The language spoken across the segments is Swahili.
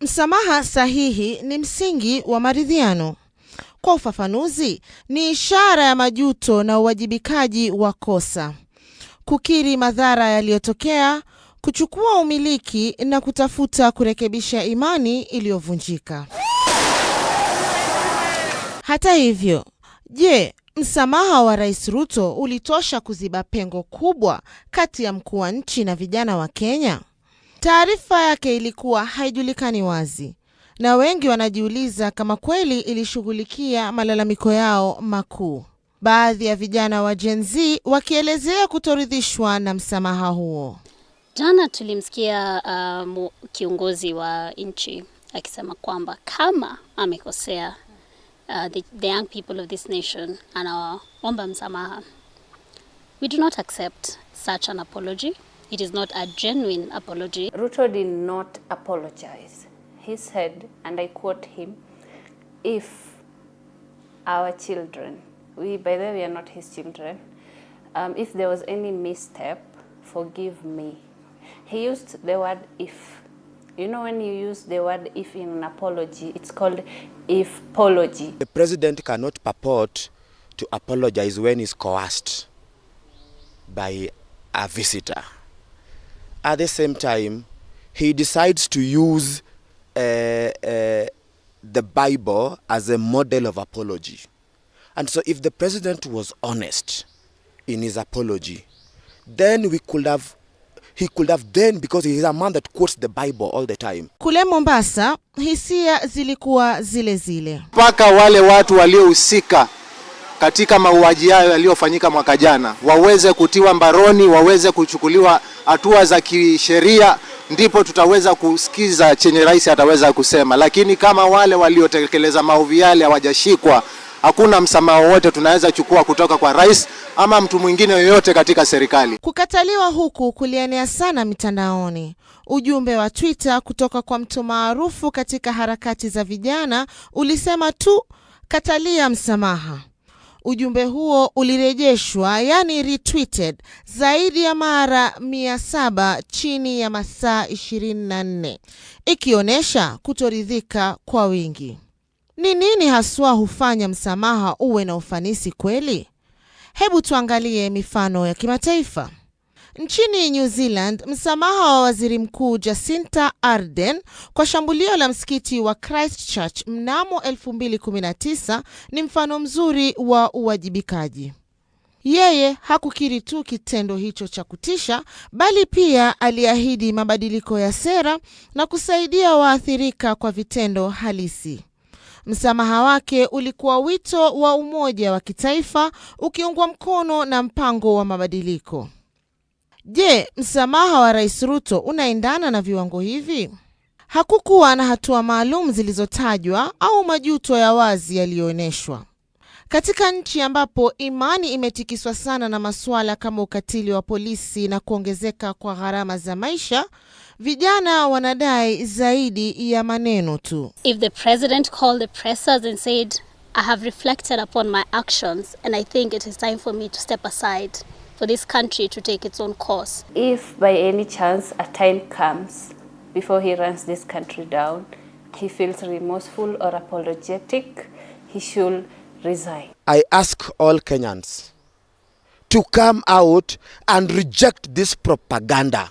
Msamaha sahihi ni msingi wa maridhiano. Kwa ufafanuzi, ni ishara ya majuto na uwajibikaji wa kosa, kukiri madhara yaliyotokea, kuchukua umiliki na kutafuta kurekebisha imani iliyovunjika. Hata hivyo, je, msamaha wa Rais Ruto ulitosha kuziba pengo kubwa kati ya mkuu wa nchi na vijana wa Kenya? Taarifa yake ilikuwa haijulikani wazi, na wengi wanajiuliza kama kweli ilishughulikia malalamiko yao makuu, baadhi ya vijana wa Gen Z wakielezea kutoridhishwa na msamaha huo. Jana tulimsikia uh, kiongozi wa nchi akisema kwamba kama amekosea uh, the, the young people of this nation anaomba msamaha. We do not accept such an apology. it is not a genuine apology. Ruto did not apologize. He said, and I quote him, if our children, we by the way we are not his children, um, if there was any misstep, forgive me. He used the word if. You know, when you use the word if in an apology, it's called if apology. The president cannot purport to apologize when he's coerced by a visitor. at the same time he decides to use uh, uh, the Bible as a model of apology. And so if the president was honest in his apology, then we could have he could have then because he is a man that quotes the Bible all the time. Kule Mombasa hisia zilikuwa zile zile, mpaka wale watu waliohusika katika mauaji hayo yaliyofanyika mwaka jana waweze kutiwa mbaroni, waweze kuchukuliwa hatua za kisheria, ndipo tutaweza kusikiza chenye rais ataweza kusema. Lakini kama wale waliotekeleza maovu yale hawajashikwa, hakuna msamaha wowote tunaweza chukua kutoka kwa rais ama mtu mwingine yoyote katika serikali. Kukataliwa huku kulienea sana mitandaoni. Ujumbe wa Twitter kutoka kwa mtu maarufu katika harakati za vijana ulisema tu, katalia msamaha. Ujumbe huo ulirejeshwa, yani retweeted, zaidi ya mara 7 chini ya masaa 24, ikionyesha kutoridhika kwa wingi. Ni nini haswa hufanya msamaha uwe na ufanisi kweli? Hebu tuangalie mifano ya kimataifa. Nchini New Zealand, msamaha wa waziri mkuu Jacinta Ardern kwa shambulio la msikiti wa Christchurch mnamo 2019 ni mfano mzuri wa uwajibikaji. Yeye hakukiri tu kitendo hicho cha kutisha, bali pia aliahidi mabadiliko ya sera na kusaidia waathirika kwa vitendo halisi. Msamaha wake ulikuwa wito wa umoja wa kitaifa ukiungwa mkono na mpango wa mabadiliko. Je, msamaha wa Rais Ruto unaendana na viwango hivi? Hakukuwa na hatua maalum zilizotajwa au majuto ya wazi yaliyoonyeshwa. Katika nchi ambapo imani imetikiswa sana na masuala kama ukatili wa polisi na kuongezeka kwa gharama za maisha, vijana wanadai zaidi ya maneno tu. If the president called the pressers and said, I have reflected upon my actions and I think it is time for me to step aside for this country to take its own course. If by any chance a time comes before he runs this country down, he feels remorseful or apologetic, he should resign. I ask all Kenyans to come out and reject this propaganda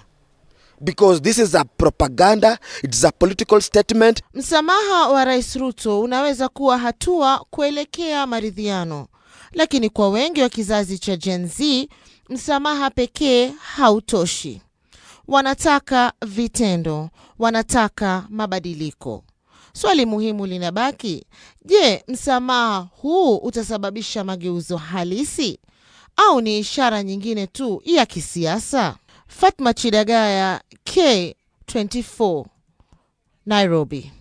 because this is a propaganda, it's a political statement. Msamaha wa Rais Ruto unaweza kuwa hatua kuelekea maridhiano lakini kwa wengi wa kizazi cha Gen Z msamaha pekee hautoshi. Wanataka vitendo, wanataka mabadiliko. Swali muhimu linabaki: je, msamaha huu utasababisha mageuzo halisi au ni ishara nyingine tu ya kisiasa? Fatma Chidagaya, K24, Nairobi.